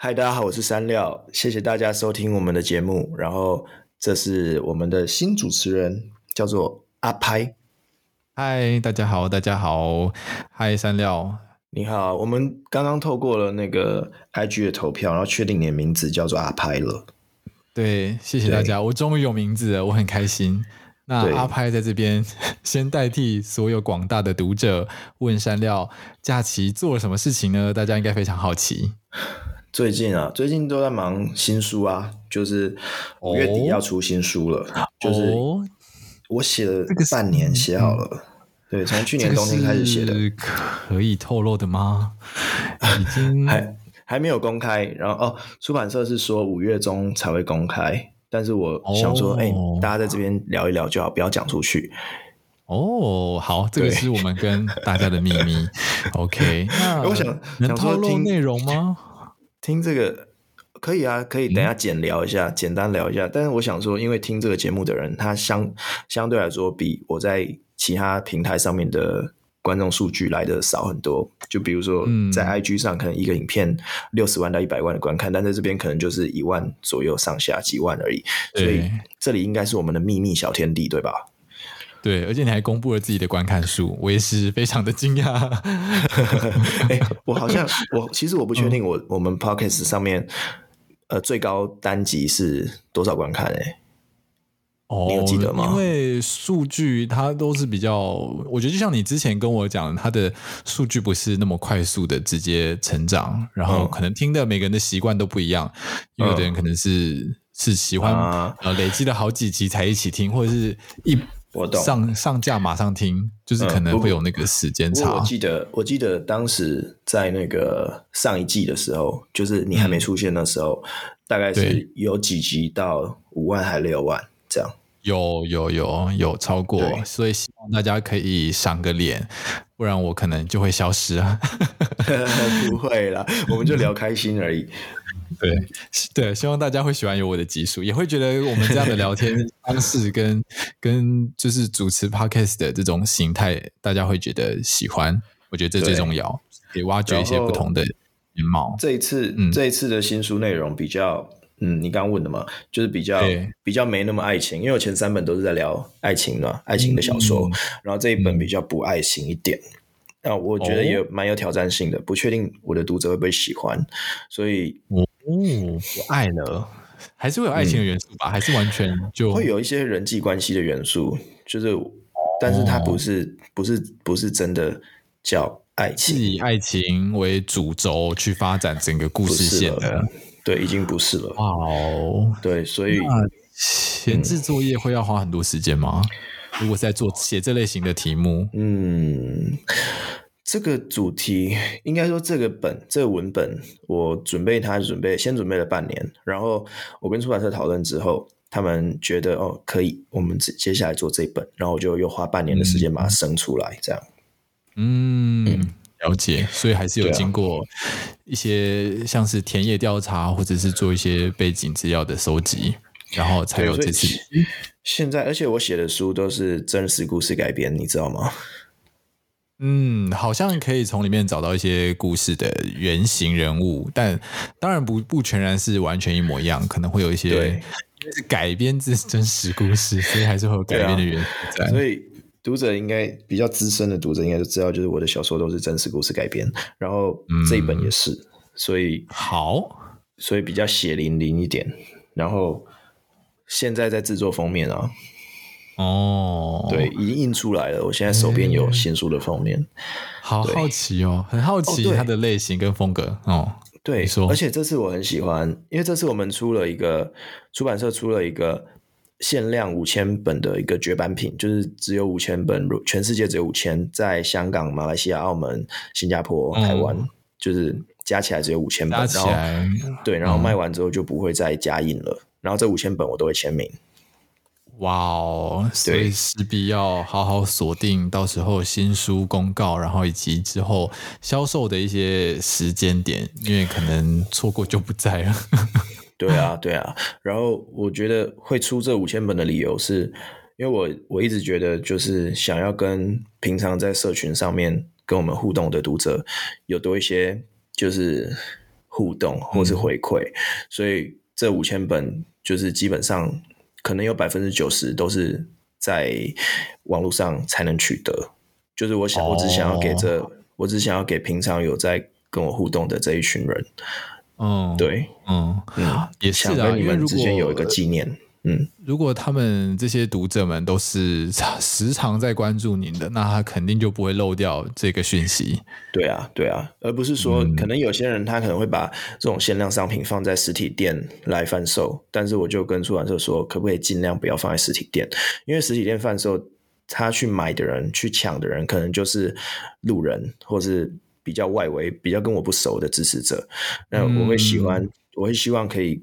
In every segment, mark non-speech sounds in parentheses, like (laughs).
嗨，大家好，我是山料，謝謝大家收聽我們的節目。然後，這是我們的新主持人，叫做阿拍。嗨，大家好，大家好，嗨，山料，你好。我們剛剛透過了那個 IG 的投票，然後確定你的名字叫做阿拍了。對，謝謝大家，我終於有名字了，我很開心。那阿拍在這邊先代替所有廣大的讀者問山料，假期做了什麼事情呢？大家應該非常好奇。最近啊，最近都在忙新書啊，就是五月底要出新書了。哦、就是我寫了半年，寫好了。這個嗯、對，從去年冬天開始寫的。這個、是可以透露的嗎？ (laughs) 已經還還沒有公開。然後哦，出版社是說五月中才會公開。但是我想說，哎、哦欸，大家在這邊聊一聊就好，不要講出去。哦，好，這個是我們跟大家的秘密。 (laughs) OK，那我想能透露內容嗎？聽這個可以啊，可以等下簡聊一下，嗯，簡單聊一下。但是我想說，因為聽這個節目的人，他相相對來說比我在其他平台上面的觀眾數據來得少很多。就比如說，在 IG 上可能一個影片六十萬到一百萬的觀看，嗯、但在這邊可能就是一萬左右上下幾萬而已。所以這裡應該是我們的秘密小天地，對吧？對，而且你還公布了自己的觀看數，我也是非常的驚訝。哎、 (laughs) (laughs) 欸，我好像，我其實我不確定我，我、嗯、我們 Podcast 上面呃最高單集是多少觀看哎、欸？哦，你有記得嗎？因為數據它都是比較，我覺得就像你之前跟我講，它的數據不是那麼快速的直接成長，然後可能聽的每個人的習慣都不一樣，有的人可能是、嗯、是喜歡呃累積了好幾集才一起聽，啊、或者是一。我懂，上上架馬上聽，就是可能會有那個時間差、嗯。我記得我記得當時在那個上一季的時候，就是你還沒出現的時候，嗯、大概是有幾集到五萬還六萬這樣。有有有有超過、嗯，所以希望大家可以賞個臉，不然我可能就會消失了。 (laughs) (laughs) 不會啦，我們就聊開心而已。嗯。對對，希望大家會喜歡有我的集數，也會覺得我們這樣的聊天方式跟 (laughs) 跟就是主持 podcast 的這種形態，大家會覺得喜歡。我覺得這最重要，可以挖掘一些不同的面貌。這一次、嗯，這一次的新書內容比較，嗯，你剛剛問的嘛，就是比較對比較沒那麼愛情，因為我前三本都是在聊愛情的，愛情的小說、嗯，然後這一本比較不愛情一點。嗯嗯那、啊、我覺得也蠻有挑戰性的，哦、不確定我的讀者會不會喜歡，所以、嗯，我愛呢，還是會有愛情的元素吧？嗯、還是完全就會有一些人際關係的元素，就是，但是它不是、哦、不是不是，不是真的叫愛情，以愛情為主軸去發展整個故事線的，對，已經不是了。哇、哦，對，所以，前置作業會要花很多時間嗎、嗯？如果在做寫這類型的題目，嗯。這個主題應該說，這個本這個文本，我準備它準備先準備了半年，然後我跟出版社討論之後，他們覺得哦可以，我們接下來做這一本，然後我就又花半年的時間把它生出來，嗯、這樣嗯。嗯，了解。所以還是有經過一些像是田野調查，或者是做一些背景資料的蒐集，然後才有這、嗯、有些，些有這、啊。現在，而且我寫的書都是真實故事改編，你知道嗎？嗯，好像可以從裡面找到一些故事的原型人物，但當然不不全然是完全一模一樣，可能會有一些改編自真實故事，所以還是會有改編的元素、啊。所以讀者應該比較資深的讀者應該都知道，就是我的小說都是真實故事改編，然後這一本也是，嗯、所以好，所以比較血淋淋一點。然後現在在制作封面啊。哦，對，已經印出來了。我現在手邊有新書的封面，欸、好好奇哦，很好奇、哦、對它的類型跟風格哦。對，而且這次我很喜歡，因為這次我們出了一個出版社出了一個限量五千本的一個絕版品，就是只有五千本，全世界只有五千，在香港、馬來西亞、澳門、新加坡、台灣，嗯、就是加起來只有五千本加起來。然後對，然後賣完之後就不會再加印了。嗯、然後這五千本我都會簽名。哇哦！所以勢必要好好鎖定，到時候新書公告，然後以及之後銷售的一些時間點，因為可能錯過就不在了。對啊，對啊。然後我覺得會出這五千本的理由是，是因為我我一直覺得，就是想要跟平常在社群上面跟我們互動的讀者有多一些，就是互動或是回饋，嗯，所以這五千本就是基本上。可能有百分之九十都是在網絡上才能取得，就是我想，我只想要給這、哦，我只想要給平常有在跟我互動的這一群人，嗯，對，嗯，也是啊，想跟你們之間有一個紀念。嗯，如果他們這些讀者們都是時常在關注您的，那他肯定就不會漏掉這個訊息。嗯、對啊，對啊，而不是說、嗯、可能有些人他可能會把這種限量商品放在實體店來販售，但是我就跟出版社說，可不可以盡量不要放在實體店，因為實體店販售，他去買的人、去搶的人，可能就是路人或是比較外圍、比較跟我不熟的支持者。那我會喜歡、嗯，我會希望可以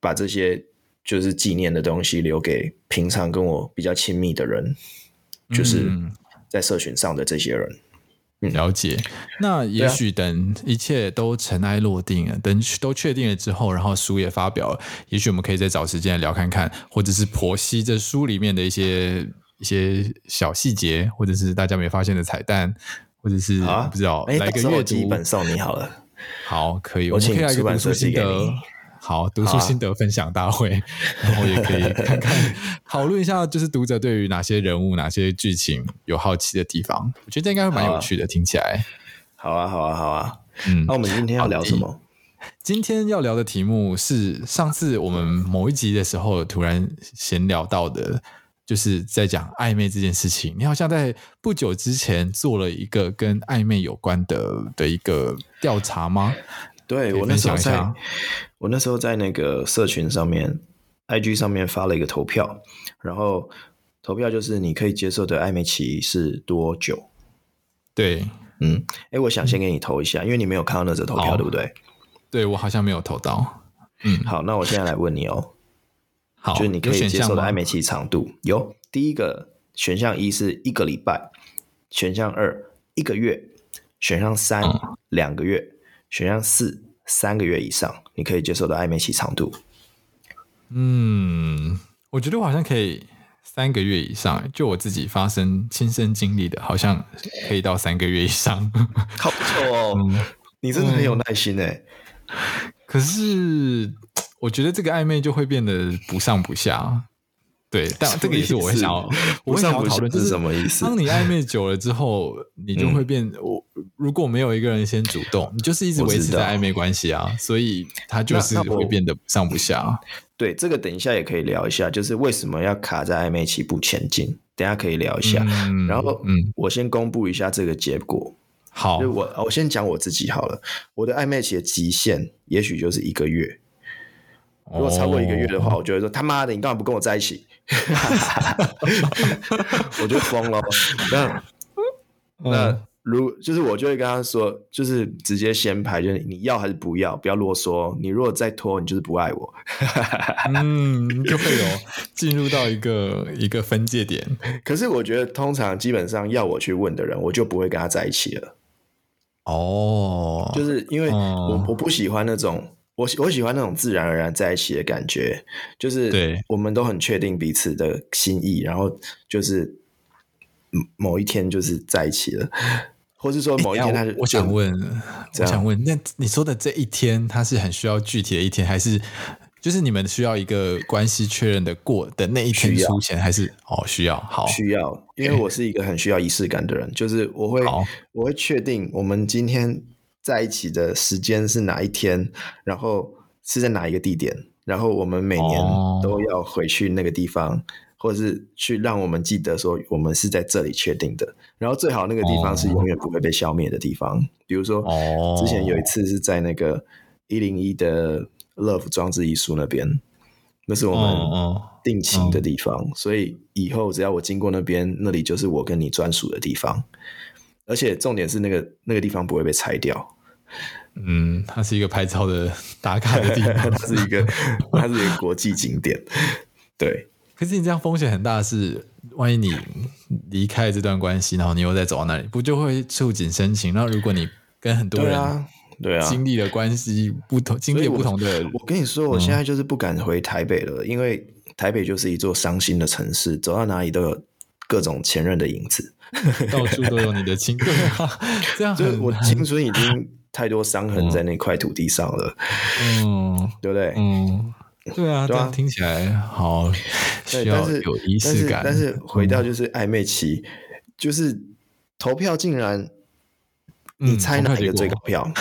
把這些。就是紀念的東西留給平常跟我比較親密的人、嗯，就是在社群上的這些人。嗯、了解。那也許等一切都塵埃落定了、啊、等都確定了之後，然後書也發表了，也許我們可以再找時間聊看看，或者是剖析這書裡面的一些一些小細節，或者是大家沒發現的彩蛋，或者是、啊、不知道、欸、來個閱讀本送你好了。好，可以，我請出一本寄給你。好，讀書心得分享大會，啊，然後也可以看看 (laughs) 討論一下，就是讀者對於哪些人物、哪些劇情有好奇的地方，我覺得應該蠻有趣的。聽起來，好啊，好啊，好啊。嗯，那我們今天要聊什麼？今天要聊的題目是上次我們某一集的時候突然閒聊到的，就是在講曖昧這件事情。你好像在不久之前做了一個跟曖昧有關的的一個調查嗎？對，我那時候在，我那時候在那個社群上面，IG 上面發了一個投票，然後投票就是你可以接受的曖昧期是多久？對，嗯，哎，我想先給你投一下、嗯，因為你沒有看到那則投票，對不對？對，我好像沒有投到。嗯，好，那我現在來問你哦， (laughs) 好，就是、你可以接受的曖昧期長度有，有第一個選項一是一個禮拜，選項二一個月，選項三、嗯、兩個月。選項四三個月以上，你可以接受的曖昧期長度。嗯，我覺得我好像可以三個月以上，就我自己發生親身經歷的，好像可以到三個月以上。 (laughs) 好久哦、嗯，你真的很有耐心哎、嗯嗯。可是我覺得這個曖昧就會變得不上不下。對，但這個也是我會想我會想要討論是什麼意思。當你曖昧久了之後，你就會變。我、嗯、如果沒有一個人先主動，嗯、你就是一直維持在曖昧關係啊，所以他就是會變得不上不下、啊。對，這個等一下也可以聊一下，就是為什麼要卡在曖昧期不前進。等一下可以聊一下。嗯、然後，嗯，我先公布一下這個結果。好，就是、我我先講我自己好了。我的曖昧期的極限，也許就是一個月。如果超過一個月的話，oh. 我就會說他媽的，你幹嘛不跟我在一起？ (laughs) (laughs) (laughs) 我就瘋了。那那、嗯呃、如就是我就會跟他說，就是直接先排，就是你要還是不要，不要囉嗦。你如果再拖，你就是不愛我。 (laughs) 嗯，就會有進入到一個 (laughs) 一個分界點。可是我覺得，通常基本上要我去問的人，我就不會跟他在一起了。哦、oh,，就是因為我、嗯、我不喜歡那種。我我喜歡那種自然而然在一起的感覺，就是對，我們都很確定彼此的心意，然後就是某一天就是在一起了，或是說某一天他是、欸、我想問，我想問，那你說的這一天，他是很需要具體的一天，還是就是你們需要一個關係確認的過的那一天出現，還是哦需要好需要，因為我是一個很需要儀式感的人。欸、就是我會我會確定我們今天在一起的時間是哪一天？然後是在哪一個地點？然後我們每年都要回去那個地方，或者是去讓我們記得說我們是在這裡確定的。然後最好那個地方是永遠不會被消滅的地方。比如說，之前有一次是在那個一零一的 Love 裝置藝術那邊，那是我們定情的地方。所以以後只要我經過那邊，那裡就是我跟你專屬的地方。而且重點是那個那個地方不會被拆掉。嗯，它是一個拍照的打卡的地方，嘿嘿嘿，它是一個， (laughs) 它是一個國際景點。對，可是你這樣風險很大是，是萬一你離開這段關係，然後你又再走到那裡，不就會觸景生情？那如果你跟很多人對、啊，對啊，經歷了關係不同，經歷不同的人，我，我跟你說，我現在就是不敢回台北了，嗯、因為台北就是一座傷心的城市，走到哪裡都有各種前任的影子， (laughs) 到處都有你的青春，對啊、 (laughs) 這樣，就是我青春已經、啊。太多傷痕在那塊土地上了，嗯，對不對嗯？嗯，對啊，對啊。聽起來好， (laughs) 對，但是有儀式感但。但是回到就是曖昧期，嗯、就是投票竟然，嗯，你猜哪一個最高票，票？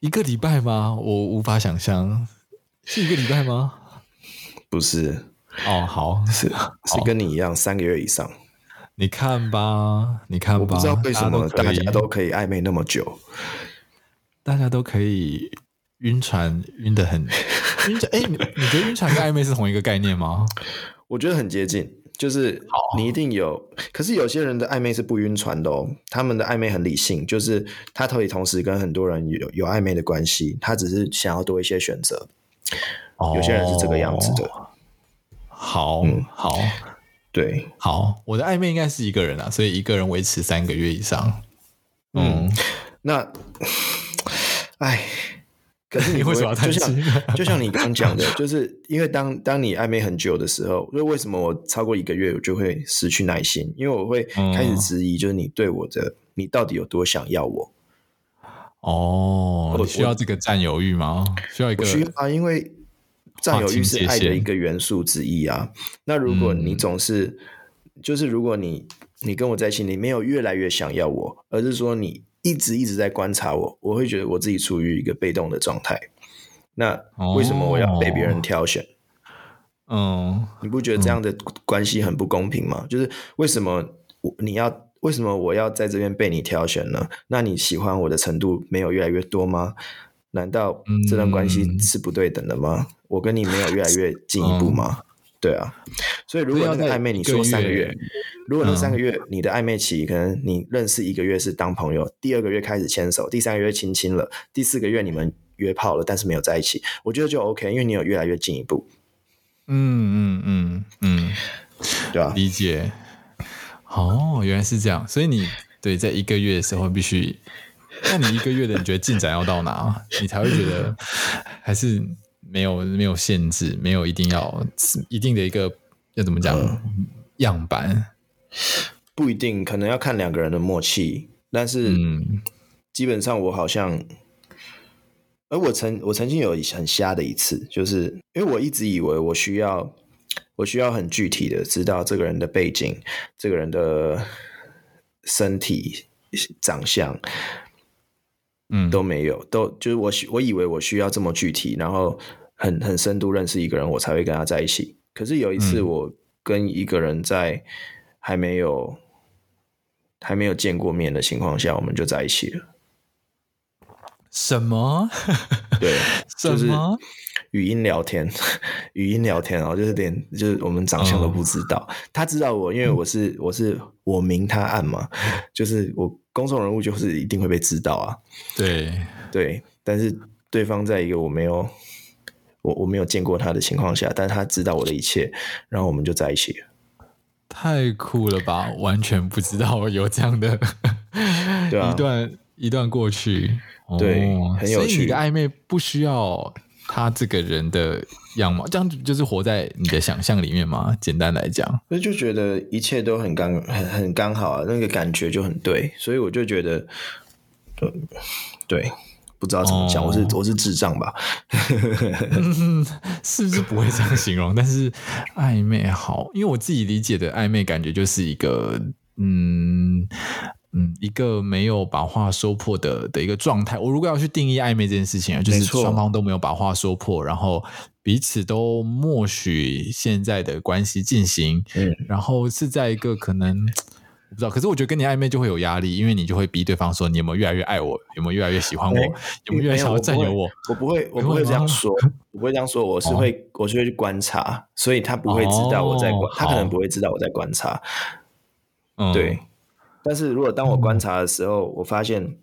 一個禮拜嗎？我無法想象， (laughs) 是一個禮拜嗎？不是，哦，好，是好是跟你一樣三個月以上。你看吧，你看吧，我不知道為什麼大家都可以曖昧那麼久，大家都可以暈船暈得很、 (laughs) 欸。你覺得暈船跟曖昧是同一個概念嗎？我覺得很接近，就是你一定有。可是有些人的曖昧是不暈船的哦，他們的曖昧很理性，就是他可以同時跟很多人有有曖昧的關係，他只是想要多一些選擇，哦。有些人是這個樣子的。好，嗯、好。對，好，我的曖昧應該是一個人啊，所以一個人維持三個月以上。嗯，嗯那，哎，可是你、欸、為什麼要？就像就像你剛剛講的， (laughs) 就是因為當當你曖昧很久的時候，就為什麼我超過一個月我就會失去耐心？因為我會開始質疑，就是你對我的、嗯，你到底有多想要我？哦，我需要這個佔有慾嗎？需要一個？需要啊，因為。佔有慾是愛的一個元素之一啊，啊。那如果你總是，嗯、就是如果你你跟我在一起，你沒有越來越想要我，而是說你一直一直在觀察我，我會覺得我自己處於一個被動的狀態。那為什麼我要被別人挑選？嗯、哦，你不覺得這樣的關係很不公平嗎？嗯、就是為什麼我你要為什麼我要在這邊被你挑選呢？那你喜歡我的程度沒有越來越多嗎？難道這段關係是不對等的嗎、嗯？我跟你沒有越來越進一步嗎、嗯？對啊，所以如果那個曖昧你說三個月，個月如果你三個月，嗯、你的曖昧期可能你認識一個月是當朋友，嗯、第二個月開始牽手，第三個月親親了，第四個月你們約炮了，但是沒有在一起，我覺得就 OK，因為你有越來越進一步。嗯嗯嗯嗯，對啊。理解。哦，原來是這樣，所以你對在一個月的時候必須。那 (laughs) 你一個月的你覺得進展要到哪，你才會覺得還是沒有沒有限制，沒有一定要一定的一個要怎麼講、嗯、樣板？不一定，可能要看兩個人的默契。但是，基本上我好像，嗯、而我曾我曾經有很瞎的一次，就是因為我一直以為我需要我需要很具體的知道這個人的背景，這個人的身體長相。嗯，都沒有，都就是我，我以為我需要這麼具體，然後很很深度認識一個人，我才會跟他在一起。可是有一次，我跟一個人在還沒有、嗯、還沒有見過面的情況下，我們就在一起了。什麼？對， (laughs) 什麼？就是語音聊天，語音聊天、哦、就是連就是我們長相都不知道，oh. 他知道我，因為我是、嗯、我是我明他暗嘛，就是我。公眾人物就是一定會被知道啊，對，對對，但是對方在一個我沒有我我沒有見過他的情況下，但他知道我的一切，然後我們就在一起，太酷了吧！完全不知道有這樣的、 (laughs) 啊、一段一段過去，對，哦、很有趣。所以你的曖昧不需要。他這個人的樣貌，這樣就是活在你的想象裡面嗎？簡單來講，那就覺得一切都很剛很很剛好，啊，那個感覺就很對，所以我就覺得，對、嗯、對，不知道怎麼講、哦，我是我是智障吧、 (laughs) 嗯，是不是不會這樣形容？ (laughs) 但是曖昧好，因為我自己理解的曖昧感覺就是一個嗯。嗯，一個沒有把話說破的的一個狀態。我如果要去定義曖昧這件事情啊，就是雙方都沒有把話說破，然後彼此都默許現在的關係進行。嗯，然後是在一個可能不知道，可是我覺得跟你曖昧就會有壓力，因為你就會逼對方說你有沒有越來越愛我，有沒有越來越喜歡我，欸、你有沒有越來越想要占有我？我不會，我不會這樣說，我不會這樣說，我是會、哦，我是會去觀察，所以他不會知道我在觀、哦，他可能不會知道我在觀察。對。嗯但是如果當我觀察的時候，嗯、我發現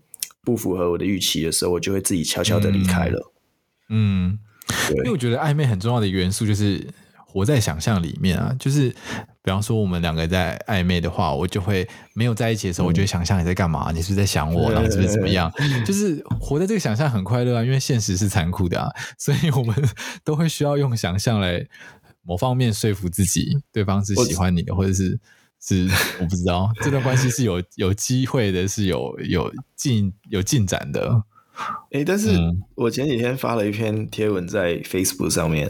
不符合我的預期的時候，我就會自己悄悄的離開了。嗯，嗯，因為我覺得曖昧很重要的元素就是活在想象裡面啊。就是比方說我們兩個在曖昧的話，我就會沒有在一起的時候，我就會想象你在幹嘛，嗯、你是不是在想我，然後怎麼怎麼樣。就是活在這個想象很快樂啊，因為現實是殘酷的啊，所以我們都會需要用想象來某方面說服自己，對方是喜歡你的，或者是。是我不知道， (laughs) 這段關係是有有機會的，是有有進有進展的。誒、欸，但是我前幾天發了一篇貼文在 Facebook 上面、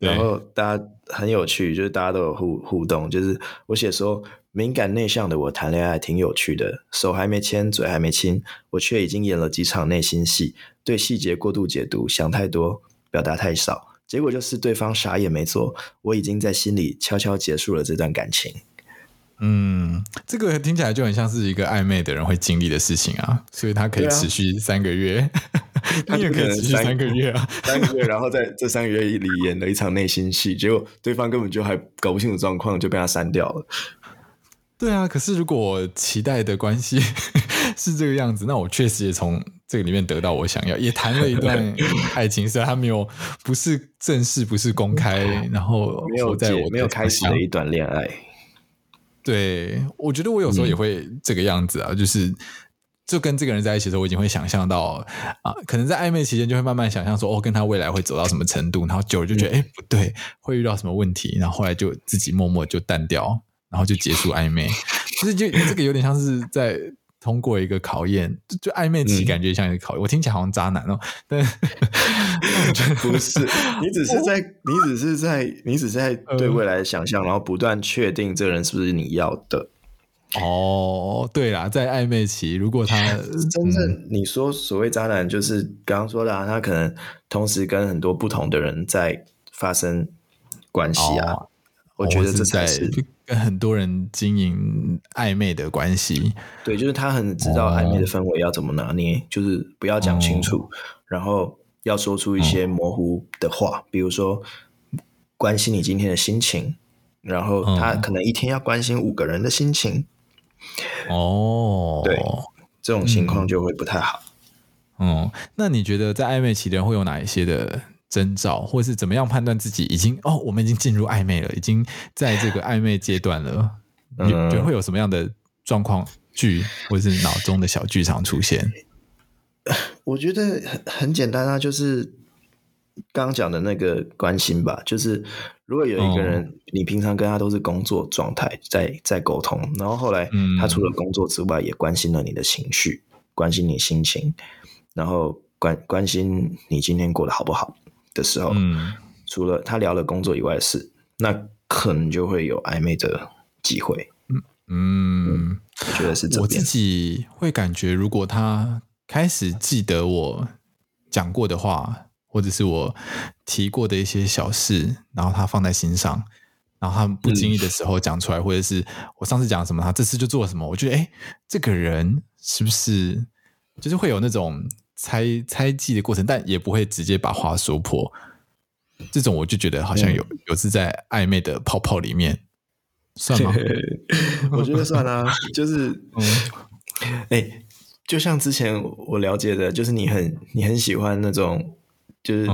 嗯，然後大家很有趣，就是大家都有互互動。就是我寫說，敏感內向的我談戀愛挺有趣的，手還沒牽，嘴還沒親，我卻已經演了幾場內心戲，對細節過度解讀，想太多，表達太少，結果就是對方啥也沒做，我已經在心裡悄悄結束了這段感情。嗯，這個聽起來就很像是一個曖昧的人會經歷的事情啊，所以他可以持續三個月，他、啊、 (laughs) 也可以持續三個月，啊三個，三個月，然後在這三個月裡演了一場內心戲， (laughs) 結果對方根本就還搞不清楚狀況，就被他刪掉了。對啊，可是如果我期待的關係 (laughs) 是這個樣子，那我確實也從這個裡面得到我想要，也談了一段 (laughs) 愛情，雖然他沒有，不是正式，不是公開，啊、然後沒有在我沒有開始的一段戀愛。對，我覺得我有時候也會這個樣子啊，嗯、就是就跟這個人在一起的時候，我已經會想象到啊，可能在曖昧期間就會慢慢想象說，哦，跟他未來會走到什麼程度，然後久了就覺得，哎、嗯欸，不對，會遇到什麼問題，然後後來就自己默默就淡掉，然後就結束曖昧，就是就這個有點像是在通過一個考驗，就，就曖昧期感覺像一個考驗，嗯，我聽起來好像渣男哦，但。 (laughs) (laughs) 不是，你只是在，你只是在，你只是在對未來的想象、嗯，然後不斷確定這個人是不是你要的。哦，對啦，在曖昧期，如果他真正、嗯、你說所謂渣男，就是剛剛說的、啊，他可能同時跟很多不同的人在發生關係啊、哦。我覺得這才是跟很多人經營曖昧的關係。對，就是他很知道曖昧的氛圍要怎麼拿捏，哦、就是不要講清楚，哦、然後。要說出一些模糊的話、嗯，比如說關心你今天的心情，然後他可能一天要關心五個人的心情。哦、嗯，對、嗯，這種情況就會不太好。嗯、那你覺得在曖昧期間會有哪一些的徵兆，或是怎麼樣判斷自己已經哦，我們已經進入曖昧了，已經在這個曖昧階段了，你、嗯、覺得會有什麼樣的狀況劇，或是腦中的小劇場出現？我覺得很簡單啊，就是剛講的那個關心吧。就是如果有一個人，哦、你平常跟他都是工作狀態在在溝通，然後後來他除了工作之外，也關心了你的情緒，嗯、關心你心情，然後關，關心你今天過得好不好的時候，嗯，除了他聊了工作以外的事，那可能就會有曖昧的機會。嗯，我、嗯、覺得是這樣，我自己會感覺，如果他。開始記得我講過的話，或者是我提過的一些小事，然後他放在心上，然後他不經意的時候講出來，或者是我上次講什麼，他這次就做了什麼，我覺得哎、欸，這個人是不是就是會有那種猜猜忌的過程，但也不會直接把話說破。這種我就覺得好像有 (laughs) 有自在曖昧的泡泡裡面，算嗎？ (laughs) 我覺得算啊，就是哎。嗯欸就像之前我了解的，就是你很你很喜歡那種，就是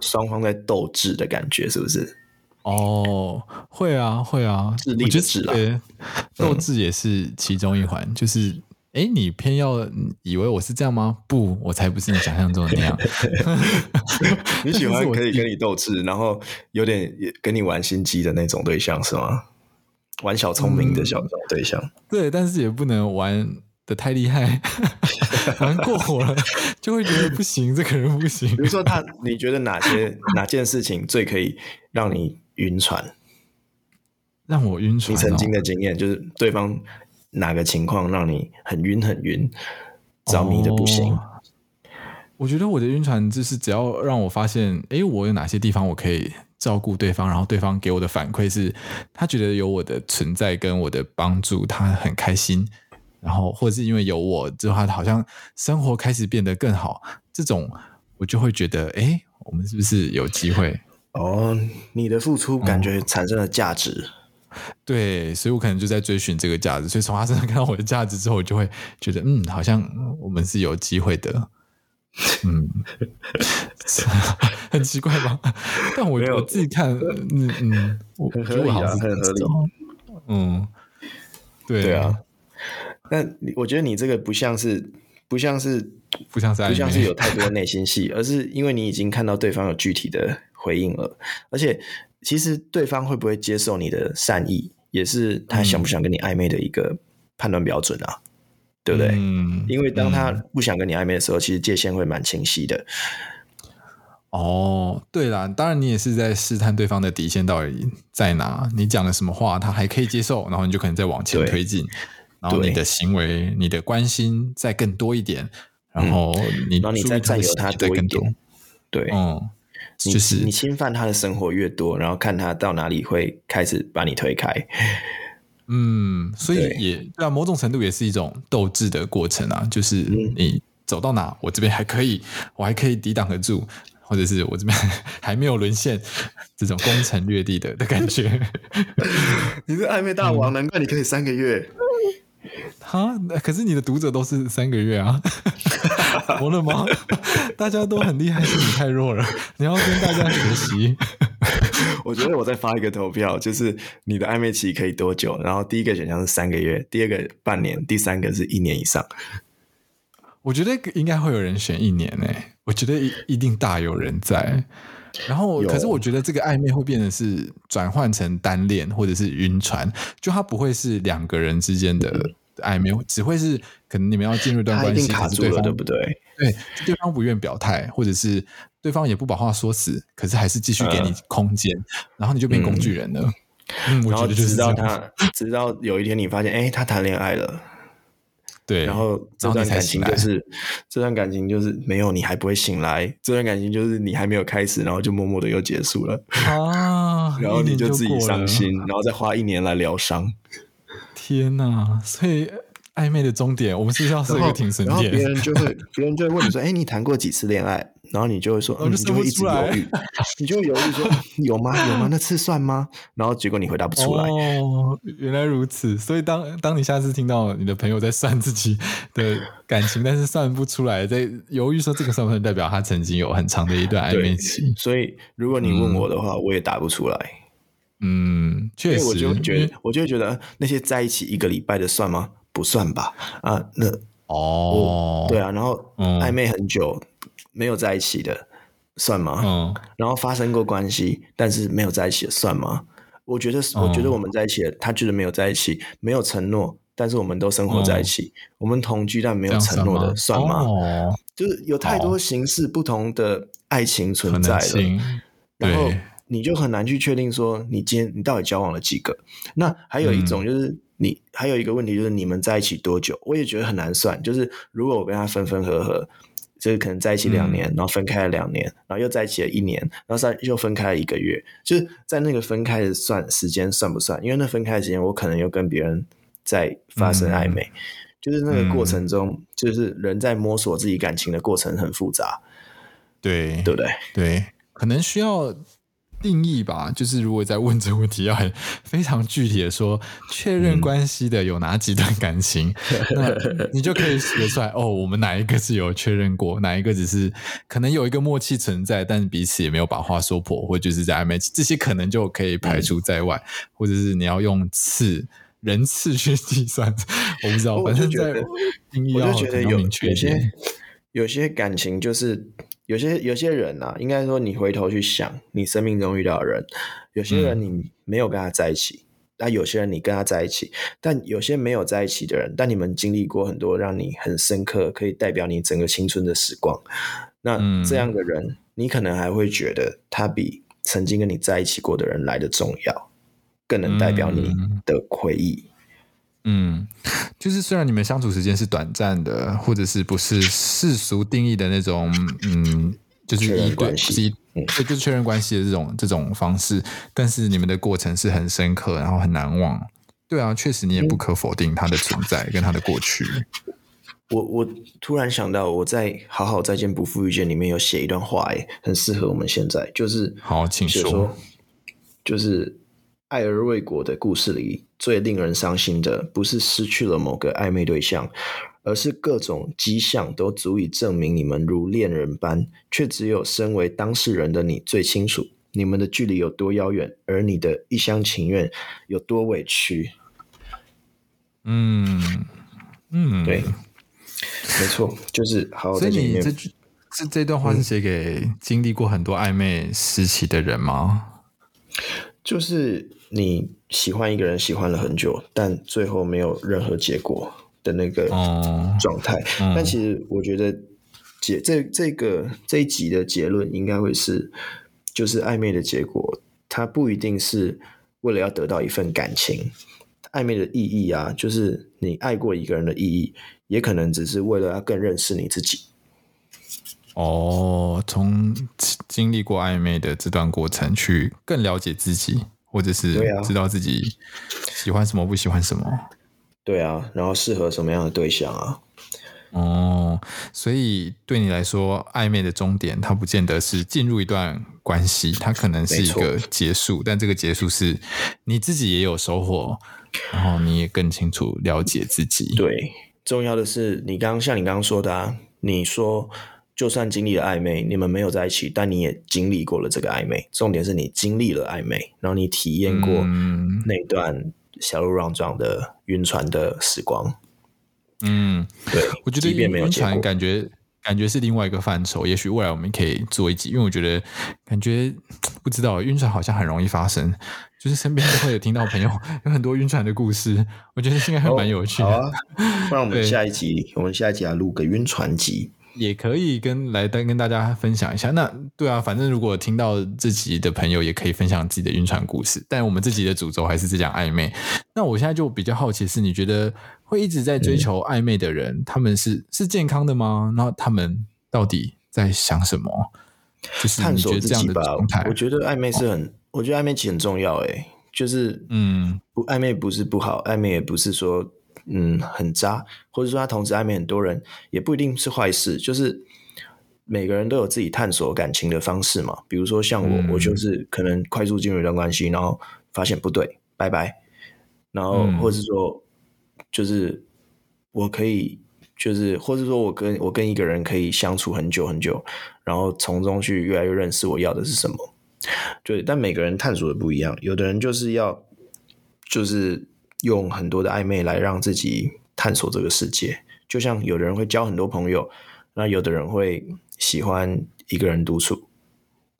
雙方在鬥智的感覺，是不是？哦，會啊，會啊，是我覺得鬥智也是其中一環、嗯。就是，哎、欸，你偏要以為我是這樣嗎？不，我才不是你想象中的那樣。 (laughs) (laughs) 你喜歡可以跟你鬥智，然後有點跟你玩心機的那種對象是嗎？玩小聰明的小對象、嗯。對，但是也不能玩。的太厲害，蠻過火了，就會覺得不行，這個人不行。 (laughs) 比如說，他你覺得哪些哪件事情最可以讓你暈船？讓我暈船。你曾經的經驗就是對方哪個情況讓你很暈、很暈，着迷的不行、哦。我覺得我的暈船就是只要讓我發現，哎，我有哪些地方我可以照顧對方，然後對方給我的反饋是他覺得有我的存在跟我的幫助，他很開心。然後，或者是因為有我，之後他好像生活開始變得更好，這種我就會覺得，哎，我們是不是有機會？哦，你的付出感覺產生了價值。嗯，對，所以我可能就在追尋這個價值。所以從他身上看到我的價值之後，我就會覺得，嗯，好像我們是有機會的。嗯， (laughs) 很奇怪吧？但我我自己看，嗯嗯，很合理啊，很合理。嗯，對啊。對那我覺得你這個不像是不像是不像是不像是有太多的內心戲， (laughs) 而是因為你已經看到對方有具體的回應了，而且其實對方會不會接受你的善意，也是他想不想跟你曖昧的一個判斷標準啊，嗯、對不對、嗯？因為當他不想跟你曖昧的時候、嗯，其實界限會蠻清晰的。哦，對啦，當然你也是在試探對方的底線到底在哪，你講了什麼話他還可以接受，然後你就可能再往前推進。然後你的行為、你的關心再更多一點，嗯、然後、嗯、然後你再佔有他更多，對，嗯，就是你侵犯他的生活越多，然後看他到哪裡會開始把你推開。嗯，所以也對，某種程度也是一種鬥智的過程啊，就是你走到哪，嗯、我這邊還可以，我還可以抵擋得住，或者是我這邊還沒有淪陷，這種攻城略地的的感覺。 (laughs) 你是曖昧大王、嗯，難怪你可以三個月。哈，可是你的讀者都是三個月啊，活 (laughs) 了嗎？ (laughs) 大家都很厲害， (laughs) 是你太弱了。你要跟大家學習。 (laughs) 我覺得我再發一個投票，就是你的曖昧期可以多久？然後第一個選項是三個月，第二個半年，第三個是一年以上。我覺得應該會有人選一年誒、欸，我覺得一，一定大有人在。然後，可是我覺得這個曖昧會變成是轉換成單戀，或者是暈船，就它不會是兩個人之間的。 (laughs) 哎，沒有，只會是可能你們要進入一段關係，卡住了對，對不對？對，對方不願表態，或者是對方也不把話說死，可是還是繼續給你空間、呃，然後你就變工具人了。然、嗯、我覺得就是這樣他，直到有一天你發現，哎、欸，他談戀愛了。對，然後這段感情就是，這段感情就是沒有，你還不會醒來。這段感情就是你還沒有開始，然後就默默的又結束了。啊，然後你就自己傷心、嗯，然後再花一年來療傷。天吶！所以曖昧的終點，我們是不是要設一個停損點？別人就會，別 (laughs) 人就會問你說：“哎、欸，你談過幾次戀愛？”然後你就會說：“哦、嗯，你就會一直猶豫， (laughs) 你就猶豫說：有嗎？有嗎？那次算嗎？”然後結果你回答不出來。哦，原來如此。所以當當你下次聽到你的朋友在算自己的感情，但是算不出來，在猶豫說這個算不算，代表他曾經有很長的一段曖昧期？所以如果你問我的話，嗯、我也答不出來。嗯，確實，我就覺得，嗯、我就覺得那些在一起一個禮拜的算嗎？不算吧。啊，那哦，哦，對啊，然後嗯、曖昧很久沒有在一起的算嗎、嗯？然後發生過關係但是沒有在一起的算嗎？我覺得、嗯，我覺得我們在一起的，他覺得沒有在一起，沒有承諾，但是我們都生活在一起，嗯、我們同居但沒有承諾的算嗎、哦？就是有太多形式不同的愛情存在了，哦、對，然後。你就很難去確定說你今天你到底交往了幾個？那還有一種就是你還有一個問題就是你們在一起多久？我也覺得很難算。就是如果我跟他分分合合，就是可能在一起兩年，然後分開了兩年，然後又在一起了一年，然後算又分開了一個月，就是在那個分開的算時間算不算？因為那分開的時間我可能又跟別人在發生曖昧，就是那個過程中，就是人在摸索自己感情的過程很複雜，對對不對？對，可能需要。定義吧，就是如果在問這個問題，要很非常具體的說，確認關係的有哪幾段感情，嗯、你就可以寫出來。 (laughs) 哦，我們哪一個是有確認過，哪一個只是可能有一個默契存在，但彼此也沒有把話說破，或就是在曖昧，這些可能就可以排除在外。嗯、或者是你要用次人次去計算，我不知道，我就覺得反正在定義要比較明確一些，有，有些。有些感情就是。有些有些人呢、啊，應該說，你回頭去想，你生命中遇到的人，有些人你沒有跟他在一起、嗯，但有些人你跟他在一起，但有些沒有在一起的人，但你們經歷過很多讓你很深刻，可以代表你整個青春的時光，那這樣的人，嗯、你可能還會覺得他比曾經跟你在一起過的人來得重要，更能代表你的回憶。嗯嗯，就是雖然你們相處時間是短暫的，或者是不是世俗定義的那種，嗯，就是一對、嗯、對就是確認關係的這種這種方式，但是你們的過程是很深刻，然後很難忘。對啊，確實你也不可否定它的存在跟它的過去。我我突然想到，我在《好好再見，不負遇見》裡面有寫一段話、欸，哎，很適合我們現在，就是，好，請說。就是。就是愛而未果的故事裡，最令人傷心的不是失去了某個曖昧對象，而是各種跡象都足以證明你們如戀人般，卻只有身為當事人的你最清楚，你們的距離有多遙遠，而你的一廂情願有多委屈。嗯嗯，對，沒錯，就是好。所以你這句是這，這，這，這段話是寫給經歷過很多曖昧時期的人嗎？嗯，就是。你喜歡一個人，喜歡了很久，但最後沒有任何結果的那個狀態。嗯嗯、但其實我覺得結這這個這一集的結論應該會是，就是曖昧的結果，它不一定是為了要得到一份感情。曖昧的意義啊，就是你愛過一個人的意義，也可能只是為了要更認識你自己。哦，從經歷過曖昧的這段過程去更了解自己。或者是知道自己喜歡什麼不喜歡什麼，對啊，然後適合什麼樣的對象啊？哦、嗯，所以對你來說，曖昧的終點，它不見得是進入一段關係，它可能是一個結束，但這個結束是你自己也有收穫，然後你也更清楚了解自己。對，重要的是你剛剛像你剛剛說的，啊，你說。就算經歷了曖昧，你們沒有在一起，但你也經歷過了這個曖昧。重點是你經歷了曖昧，然後你體驗過那段小鹿亂撞的暈船的時光。嗯，對，我覺得沒有暈船感覺感覺，是另外一個範疇。也許未來我們可以做一集，因為我覺得感覺不知道暈船好像很容易發生，就是身邊都會有聽到朋友 (laughs) 有很多暈船的故事。我覺得應該還蠻有趣的。哦，好啊，不然 (laughs) 我們下一集，我們下一集來錄個暈船集。也可以跟來單跟大家分享一下。那對啊，反正如果聽到自己的朋友，也可以分享自己的暈船故事。但我們自己的主軸還是在講曖昧。那我現在就比較好奇，是你覺得會一直在追求曖昧的人，嗯、他們是是健康的嗎？那他們到底在想什麼？嗯、就是探索這樣的狀態吧。我覺得曖昧是很、哦，我覺得曖昧其實很重要、欸。誒，就是嗯，不曖昧不是不好，曖昧也不是說。嗯，很渣，或者說他同時曖昧很多人，也不一定是壞事。就是每個人都有自己探索感情的方式嘛。比如說像我，嗯、我就是可能快速進入一段關係，然後發現不對，拜拜。然後，嗯、或者說，就是我可以，就是，或者說，我跟我跟一個人可以相處很久很久，然後從中去越來越認識我要的是什麼。對，但每個人探索的不一樣，有的人就是要，就是。用很多的曖昧來讓自己探索這個世界，就像有的人會交很多朋友，那有的人會喜歡一個人獨處，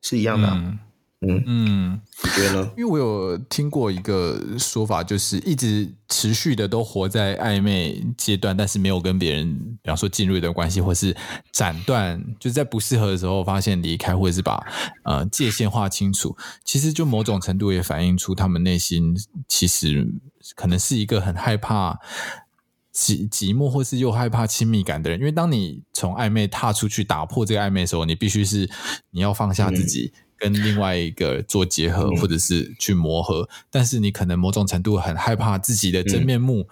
是一樣的啊。嗯嗯嗯，對了，因為我有聽過一個說法，就是一直持續的都活在曖昧階段，但是沒有跟別人，比方說進入一段關係，或是斬斷，就是、在不適合的時候發現離開，或者是把呃界限劃清楚。其實就某種程度也反映出他們內心其實可能是一個很害怕寂寂寞，或是又害怕親密感的人。因為當你從曖昧踏出去打破這個曖昧的時候，你必須是你要放下自己。嗯跟另外一個做結合，或者是去磨合、嗯，但是你可能某種程度很害怕自己的真面目，嗯、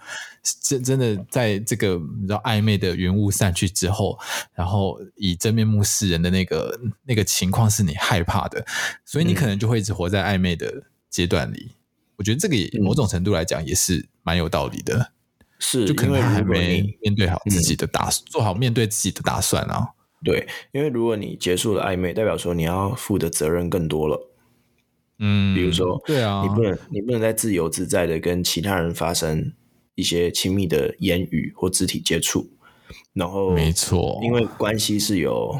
真真的在這個你知道曖昧的雲霧散去之後，然後以真面目示人的那個那個情況是你害怕的，所以你可能就會一直活在曖昧的階段裡、嗯。我覺得這個某種程度來講也是蠻有道理的，是、嗯、就可能還沒面對好自己的打，嗯、做好面對自己的打算啊。對，因為如果你結束了曖昧，代表說你要負的責任更多了。嗯，比如說，對啊，你不能，你不能再自由自在的跟其他人發生一些親密的言語或肢體接觸。然後，沒錯，因為關係是有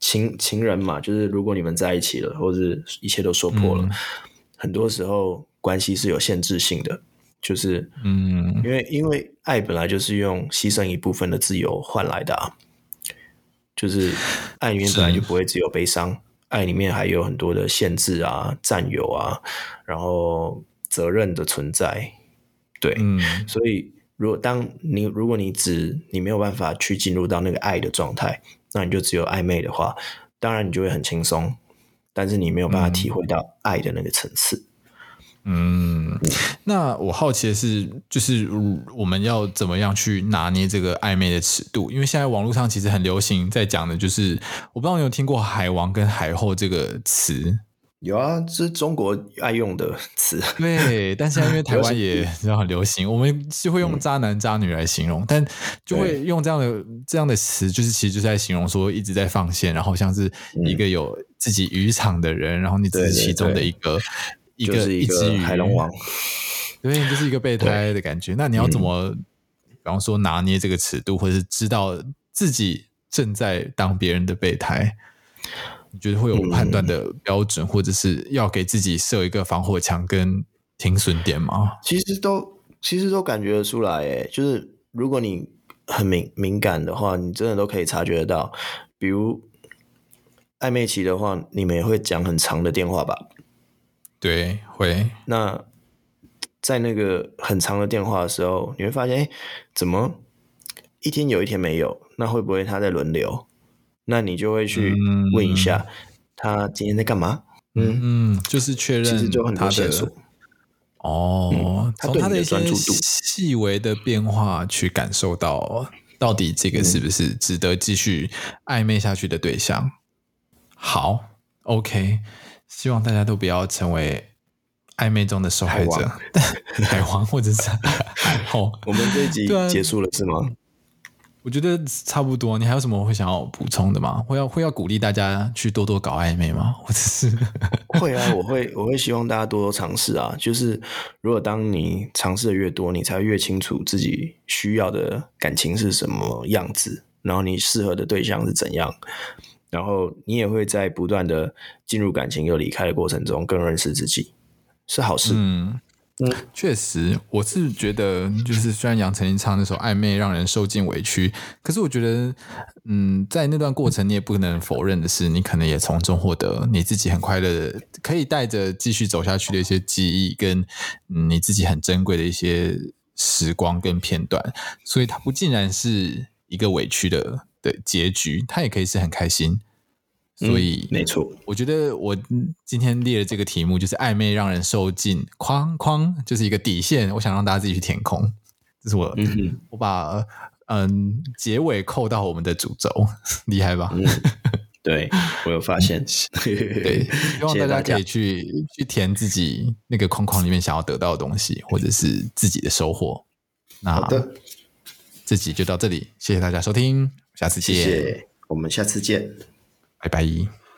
情情人嘛，就是如果你們在一起了，或是一切都說破了，嗯，很多時候關係是有限制性的，就是嗯，因為因為愛本來就是用犧牲一部分的自由換來的啊。就是愛裡面本來就不會只有悲傷，愛裡面還有很多的限制啊、佔有啊，然後責任的存在，對，嗯，所以如果當你如果你只你沒有辦法去進入到那個愛的狀態，那你就只有曖昧的話，當然你就會很輕鬆，但是你沒有辦法體會到愛的那個層次。嗯嗯，那我好奇的是，就是我們要怎麼樣去拿捏這個曖昧的尺度？因為現在網絡上其實很流行在講的就是，我不知道你有聽過“海王”跟“海後”這個詞？有啊，這是中國愛用的詞。對，但現在因為台灣也也很流行，流行，我們是會用“渣男”“渣女”來形容，嗯，但就會用這樣的這樣的詞，就是其實就是在形容說一直在放線，然後像是一個有自己漁場的人，嗯，然後你只是其中的一個。對對對對。一個、就是、一只海龍王，對，這、就是一個備胎的感覺。那你要怎麼、嗯，比方說拿捏這個尺度，或是知道自己正在當別人的備胎，你覺得會有判斷的標準、嗯，或者是要給自己設一個防火牆跟停損點嗎？其實都其實都感覺得出來、欸，哎，就是如果你很敏敏感的話，你真的都可以察覺得到。比如曖昧期的話，你們也會講很長的電話吧？對，會，那在那個很長的電話的時候，你會發現，哎，怎麼一天有一天沒有？那會不會他在輪流？那你就會去問一下他今天在幹嘛？嗯嗯，就是確認，其實就很多線索。哦、嗯，他，對，從他的一些細微的變化去感受到，到底這個是不是值得繼續曖昧下去的對象？嗯、好，OK。希望大家都不要成為曖昧中的受害者， (laughs) 海王或者是好 (laughs) 我們這一集結束了，啊，是嗎？我覺得差不多。你還有什麼會想要補充的嗎？會要會要鼓勵大家去多多搞曖昧嗎？或者是 (laughs) 會啊，我會我會希望大家多多嘗試啊。就是如果當你嘗試的越多，你才會越清楚自己需要的感情是什麼樣子，然後你適合的對象是怎樣。然後你也會在不斷的進入感情又離開的過程中，更認識自己，是好事嗯。嗯，確實，我是覺得，就是雖然楊丞琳唱那首《曖昧》，讓人受盡委屈，可是我覺得，嗯，在那段過程，你也不能否認的是，你可能也從中獲得你自己很快樂的，可以帶着繼續走下去的一些記憶，跟你自己很珍貴的一些時光跟片段，所以它不盡然是一個委屈的。結局，他也可以是很開心，所以、嗯、沒錯，我覺得我今天列的這個題目，就是曖昧讓人受盡框框，就是一個底線。我想讓大家自己去填空，這是我，嗯、我把嗯結尾扣到我們的主軸，厲害吧？嗯、對，我有發現， (laughs) 對，希望大家可以去謝謝去填自己那個框框裡面想要得到的東西，或者是自己的收穫。那，好的，這集就到這裡，謝謝大家收聽。下次見，謝謝，我們下次見，拜拜。